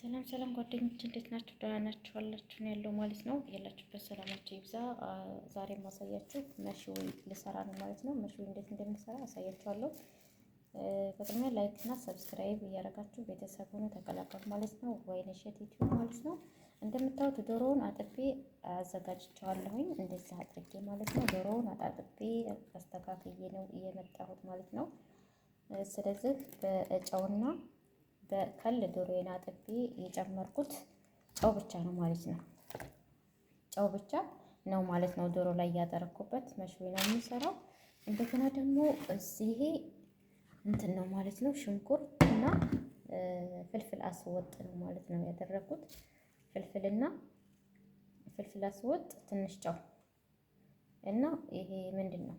ሰላም ሰላም ጓደኞች እንዴት ናችሁ? ደህና ናችሁ አላችሁ ነው ያለው ማለት ነው። ያላችሁበት ሰላማችሁ ይብዛ። ዛሬ ማሳያችሁ መሽዊ ልሰራ ነው ማለት ነው። መሽዊ እንዴት እንደምሰራ አሳያችኋለሁ። በቅድሚያ ላይክ እና ሰብስክራይብ እያደረጋችሁ ቤተሰብ ሆኖ ተቀላቀሉ ማለት ነው። ወይንሸት ዩቲዩብ ማለት ነው። እንደምታዩት ዶሮውን አጥቤ አዘጋጅቼዋለሁኝ። እንደዚህ አጥቤ ማለት ነው። ዶሮውን አጣጥቤ አስተካክዬ ነው እየመጣሁት ማለት ነው። ስለዚህ በጨውና በከል ዶሮዬን አጥቤ የጨመርኩት ጨው ብቻ ነው ማለት ነው። ጨው ብቻ ነው ማለት ነው። ዶሮ ላይ እያጠረኩበት መሽዊ ነው የሚሰራው። እንደገና ደግሞ እዚህ እንትን ነው ማለት ነው። ሽንኩርት እና ፍልፍል አስወጥ ነው ማለት ነው ያደረኩት። ፍልፍልና ፍልፍል አስወጥ፣ ትንሽ ጨው እና ይሄ ምንድን ነው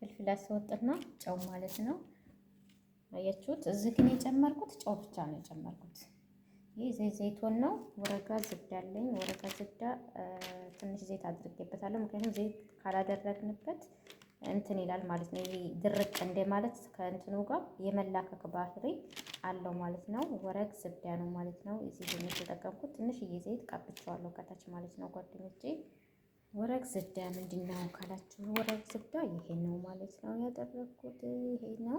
ፍልፍል አስወጥና ጨው ማለት ነው። አያችሁት? እዚህ ግን የጨመርኩት ጨው ብቻ ነው የጨመርኩት። ይህ ዘይት ዘይቶን ነው። ወረጋ ዝብዳ አለኝ። ወረጋ ዝብዳ ትንሽ ዘይት አድርጌበታለሁ። ምክንያቱም ዘይት ካላደረግንበት እንትን ይላል ማለት ነው። ይሄ ድርቅ እንደ ማለት ከእንትኑ ጋር የመላከክ ባህሪ አለው ማለት ነው። ወረግ ዝብዳ ነው ማለት ነው። እዚህ የተጠቀምኩት ትንሽዬ ዘይት ቀብቼዋለሁ ከታች ማለት ነው ጓደኞቼ ወረቅ ዝዳ ምንድን ነው ካላችሁ፣ ወረቅ ዝዳ ይሄ ነው ማለት ነው ያደረግኩት። ይሄ ነው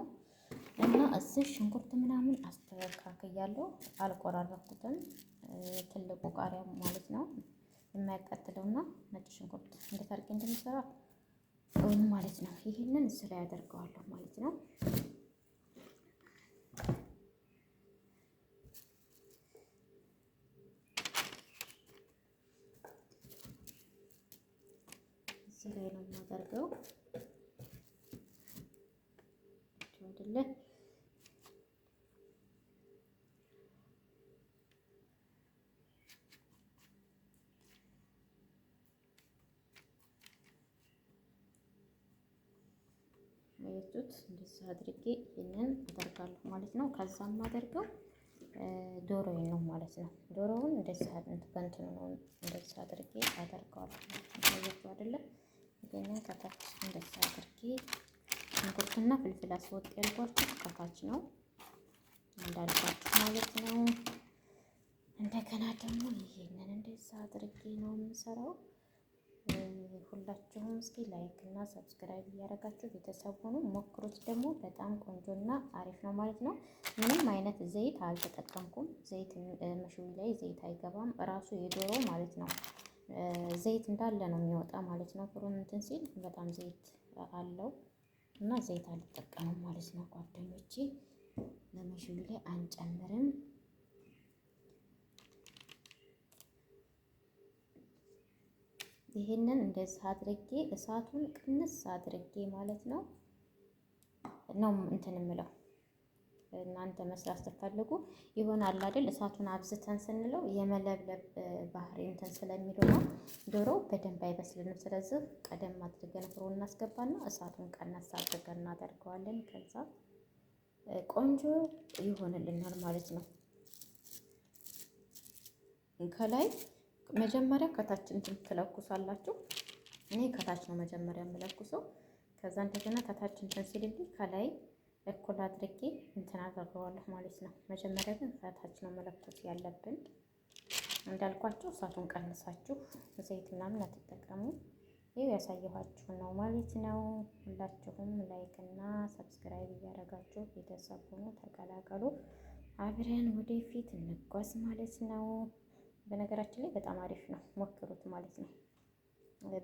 እና እዚህ ሽንኩርት ምናምን አስተካክያለሁ። አልቆራረኩትም። ትልቁ ቃሪያ ማለት ነው የማያቃጥለውና ነጭ ሽንኩርት እንዴት አድርጌ እንደሚሰራ ማለት ነው ይሄንን ስራ ላይ ያደርገዋለሁ ማለት ነው። እዚህ ላይ ነው የማደርገው አይደለ? ያያችሁት እንደዚህ አድርጌ ይህንን አደርጋለሁ ማለት ነው። ከዛም አደርገው ዶሮውን ነው ማለት ነው። ዶሮውን እንደዚህ በእንትኑ ነው እንደዚህ አድርጌ አደርገዋለሁ ማለት አይደለም ገና ከታች እንደዛ አድርጌ ሽንኩርትና ፍልፍል አስወጥ ያልኳችሁ ከታች ነው እንዳልኳችሁ ማለት ነው። እንደገና ደግሞ ይሄንን እንደዛ አድርጌ ነው የምሰራው። ሁላችሁም እስኪ ላይክ እና ሰብስክራይብ እያደረጋችሁ ቤተሰብ ሆኑ ሞክሩት። ደግሞ በጣም ቆንጆና አሪፍ ነው ማለት ነው። ምንም አይነት ዘይት አልተጠቀምኩም። ዘይት መሽዊ ላይ ዘይት አይገባም። እራሱ የዶሮ ማለት ነው። ዘይት እንዳለ ነው የሚወጣ ማለት ነው። ፍሩን እንትን ሲል በጣም ዘይት አለው እና ዘይት አልጠቀምም ማለት ነው ጓደኞቼ። ለመሽኑ ላይ አንጨምርም። ይህንን እንደዚህ አድርጌ እሳቱን ቅንስ አድርጌ ማለት ነው ነው እንትን የምለው እናንተ መስራት ስትፈልጉ ይሆን አለ አይደል? እሳቱን አብዝተን ስንለው የመለብለብ ባህሪ እንትን ስለሚለው ነው። ዶሮ በደንብ አይበስልንም። ስለዚህ ቀደም አድርገን ፍሮ እናስገባና እሳቱን ቀነስ አድርገን እናደርገዋለን። ከዛ ቆንጆ ይሆንልናል ማለት ነው። ከላይ መጀመሪያ ከታች እንትን ትለኩሳላችሁ። እኔ ከታች ነው መጀመሪያ የምለኩሰው። ከዛ እንደገና ከታች እንትን ሲልልኝ ከላይ እኩል አድርጌ እንትን አደርገዋለሁ ማለት ነው። መጀመሪያ ግን እሳታች ነው መለኮስ ያለብን። እንዳልኳችሁ እሳቱን ቀንሳችሁ ዘይት ምናምን አትጠቀሙ። ይህ ያሳየኋችሁ ነው ማለት ነው። ሁላችሁም ላይክ እና ሰብስክራይብ እያደረጋችሁ ቤተሰብ ሆኖ ተቀላቀሉ። አብረን ወደፊት እንጓዝ ማለት ነው። በነገራችን ላይ በጣም አሪፍ ነው፣ ሞክሩት ማለት ነው።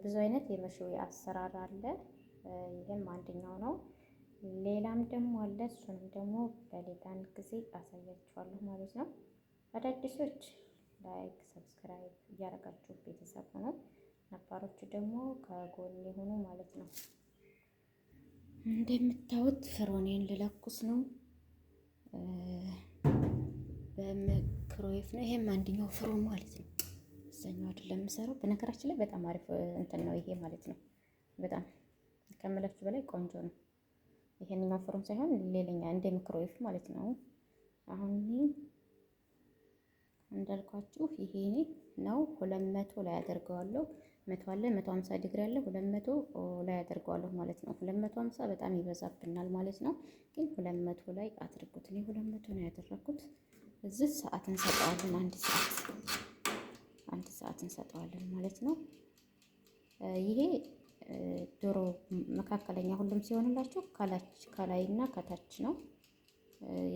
ብዙ አይነት የመሾ አሰራር አለ። ይህም አንደኛው ነው። ሌላም ደግሞ አለ። እሱንም ደግሞ በሌላ ጊዜ አሳያችኋለሁ ማለት ነው። አዳዲሶች ላይክ፣ ሰብስክራይብ እያደረጋችሁ ቤተሰብ ሆኖ ነባሮቹ ደግሞ ከጎን የሆኑ ማለት ነው። እንደምታዩት ፍሮኔን ልለኩስ ነው በማይክሮዌቭ ነው። ይሄም አንደኛው ፍሮ ማለት ነው። እዛኛው አይደለም የምሰራው። በነገራችን ላይ በጣም አሪፍ እንትን ነው ይሄ ማለት ነው። በጣም ከምላችሁ በላይ ቆንጆ ነው። ይሄንኛው ፍሩን ሳይሆን ሌላኛ እንደ ማይክሮዌቭ ማለት ነው። አሁን እንዳልኳችሁ ይሄ ነው ሁለት መቶ ላይ አደርገዋለሁ። መቶ አለ መቶ ሀምሳ ዲግሪ አለ። ሁለት መቶ ላይ አደርገዋለሁ ማለት ነው። ሁለት መቶ ሀምሳ በጣም ይበዛብናል ማለት ነው። ግን ሁለት መቶ ላይ አድርጉት። እኔ ሁለት መቶ ነው ያደረኩት። እዚህ ሰዓት እንሰጠዋለን። አንድ ሰዓት አንድ ሰዓት እንሰጠዋለን ማለት ነው ይሄ ዶሮ መካከለኛ ሁሉም ሲሆንላችሁ ከላይ እና ከታች ነው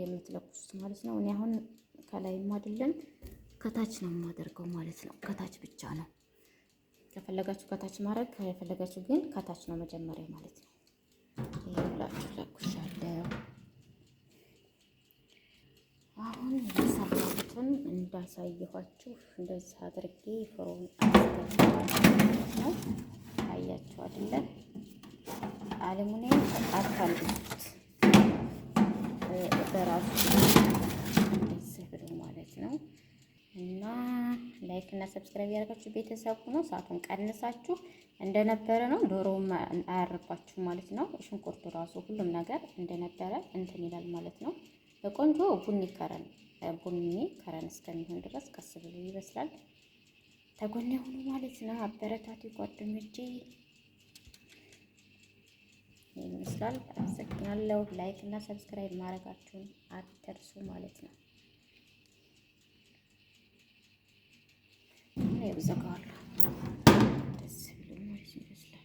የምትለኩሱት ማለት ነው። እኔ አሁን ከላይም አይደለም ከታች ነው የማደርገው ማለት ነው። ከታች ብቻ ነው። ከፈለጋችሁ ከታች ማድረግ ከፈለጋችሁ ግን ከታች ነው መጀመሪያ ማለት ነው። ይኸውላችሁ ለኩሻለሁ። አሁን የሰራሁትን እንዳሳየኋችሁ እንደዚህ አድርጌ ፍሮን አስገባለሁ። አለሙኒየም አታልጉት በራሱ እንደዚህ ማለት ነው። እና ላይክ እና ሰብስክራይብ ያደርጋችሁ ቤተሰብ ሆኖ ሰዓቱን ቀንሳችሁ እንደነበረ ነው። ዶሮውም አያርባችሁ ማለት ነው። ሽንኩርቱ ራሱ ሁሉም ነገር እንደነበረ እንትን ይላል ማለት ነው። በቆንጆ ቡኒ ከረን ቡኒ ከረን እስከሚሆን ድረስ ቀስ ብሎ ይበስላል። ተጎኔ ሆኖ ማለት ነው። አበረታቱ ጓደኞቼ። ይመስላል። አመሰግናለሁ። ላይክ እና ሰብስክራይብ ማድረጋችሁን አትርሱ ማለት ነው። እኔ ብዘጋዋለሁ ደስ ብሎ ማለት